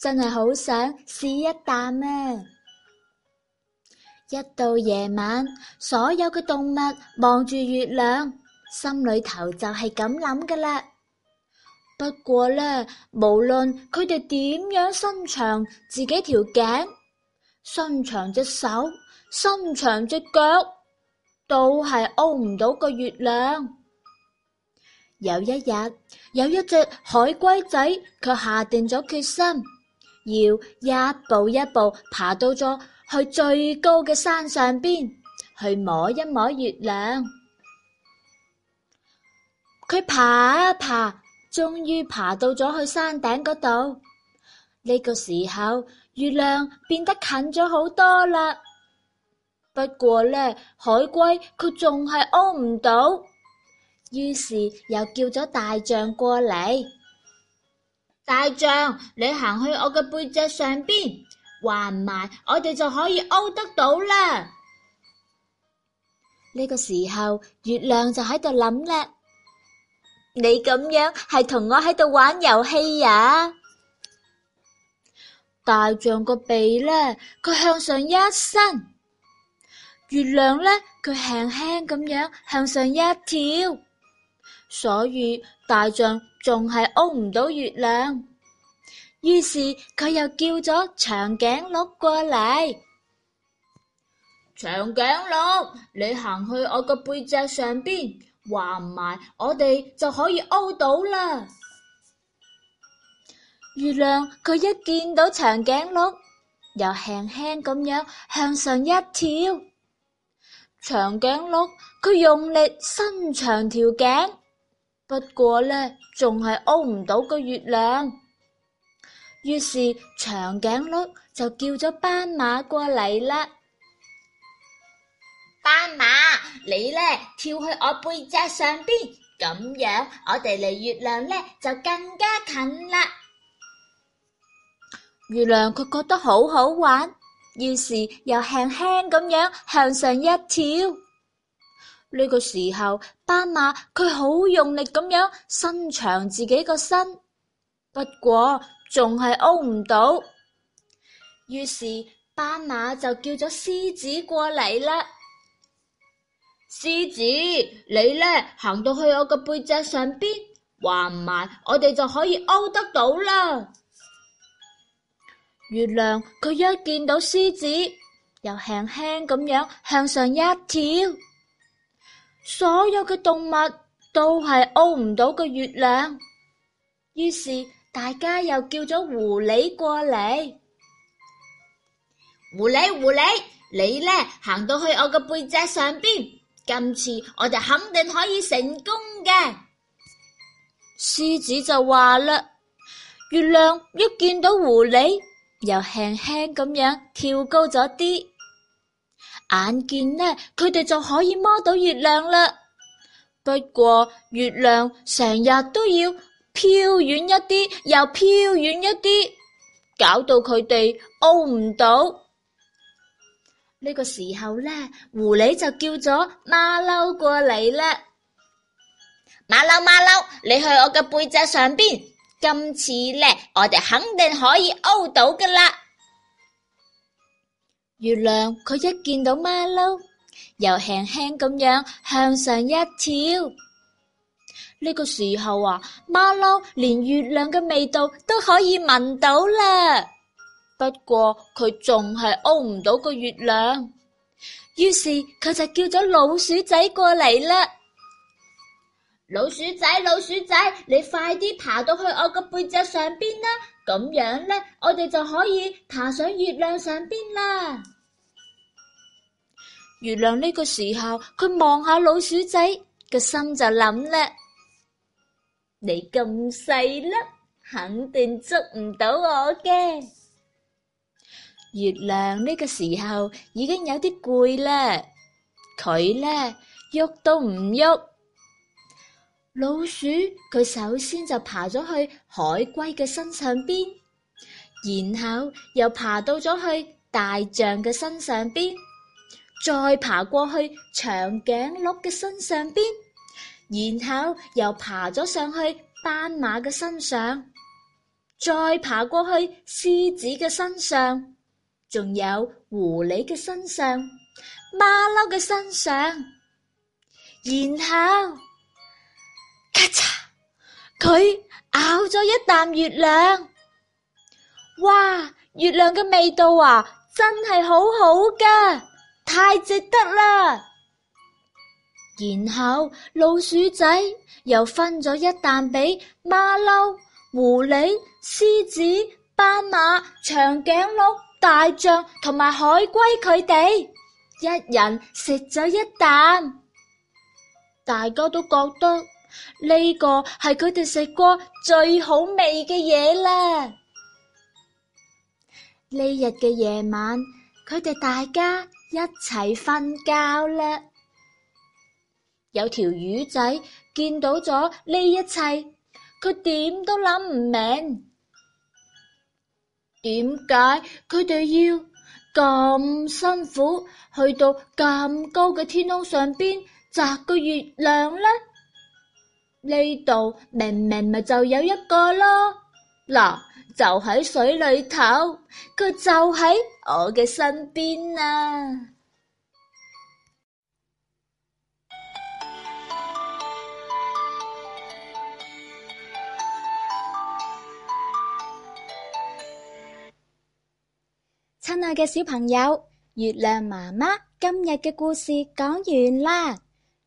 真係好想試一啖咩啊？一到夜晚，所有嘅動物望住月亮，心裏頭就係咁諗㗎啦。不過呢，無論佢哋點樣伸長自己條頸、伸長隻手、伸長隻腳，都係勾唔到個月亮。有一日，有一隻海龜仔，卻下定咗決心。要一步一步爬到咗去最高嘅山上邊去摸一摸月亮。佢爬一爬，終於爬到咗去山頂嗰度。呢個時候，月亮變得近咗好多啦。不過咧，海龜佢仲係屙唔到，於是又叫咗大象過嚟。大象，你行去我嘅背脊上邊，話唔埋，我哋就可以勾得到啦。呢個時候，月亮就喺度諗咧，你咁樣係同我喺度玩遊戲呀？大象個鼻呢，佢向上一伸，月亮呢，佢輕輕咁樣向上一跳。所以大象仲係勾唔到月亮。於是佢又叫咗長頸鹿過嚟。長頸鹿，你行去我個背脊上邊，話唔埋，我哋就可以勾到啦。月亮佢一見到長頸鹿，又輕輕咁樣向上一跳，長頸鹿佢用力伸長條頸。不過呢，仲係勾唔到個月亮。於是長頸鹿就叫咗斑馬過嚟啦。斑馬，你呢？跳去我背脊上邊，咁樣我哋離月亮呢就更加近啦。月亮佢覺得好好玩，於是又輕輕咁樣向上一跳。呢個時候，斑馬佢好用力咁樣伸長自己個身，不過仲係勾唔到。於是斑馬就叫咗獅子過嚟啦。獅子，你呢？行到去我個背脊上邊，話唔埋，我哋就可以勾得到啦。月亮佢一見到獅子，又輕輕咁樣向上一跳。所有嘅動物都係勾唔到個月亮，於是大家又叫咗狐狸過嚟。狐狸，狐狸，你呢？行到去我嘅背脊上邊，今次我就肯定可以成功嘅。獅子就話啦，月亮一見到狐狸，又輕輕咁樣跳高咗啲。眼見呢，佢哋就可以摸到月亮啦。不過月亮成日都要飄遠一啲，又飄遠一啲，搞到佢哋勾唔到。呢、這個時候呢，狐狸就叫咗馬騮過嚟啦。馬騮馬騮，你去我嘅背脊上邊。今次呢，我哋肯定可以勾到噶啦。月亮佢一見到馬騮，又輕輕咁樣向上一跳。呢個時候啊，馬騮連月亮嘅味道都可以聞到啦。不過佢仲係勾唔到個月亮，於是佢就叫咗老鼠仔過嚟啦。老鼠仔，老鼠仔，你快啲爬到去我個背脊上邊啦！咁樣呢，我哋就可以爬上月亮上邊啦。月亮呢個時候，佢望下老鼠仔，個心就諗啦：你咁細粒，肯定捉唔到我嘅。月亮呢個時候已經有啲攰啦，佢呢，喐都唔喐。老鼠佢首先就爬咗去海龜嘅身上邊，然後又爬到咗去大象嘅身上邊，再爬過去長頸鹿嘅身上邊，然後又爬咗上去斑馬嘅身上，再爬過去獅子嘅身上，仲有狐狸嘅身上、馬騮嘅身上，然後。咔嚓！佢咬咗一啖月亮，哇！月亮嘅味道啊，真係好好㗎，太值得啦！然後老鼠仔又分咗一啖俾馬騮、狐狸、獅子、斑馬、長頸鹿、大象同埋海龜佢哋，一人食咗一啖，大家都覺得。呢個係佢哋食過最好味嘅嘢啦。呢日嘅夜晚，佢哋大家一齊瞓覺啦。有條魚仔見到咗呢一切，佢點都諗唔明，點解佢哋要咁辛苦去到咁高嘅天空上邊摘個月亮呢？呢度明明咪就有一個咯，嗱，就喺水裏頭，佢就喺我嘅身邊啊！親愛嘅小朋友，月亮媽媽今日嘅故事講完啦。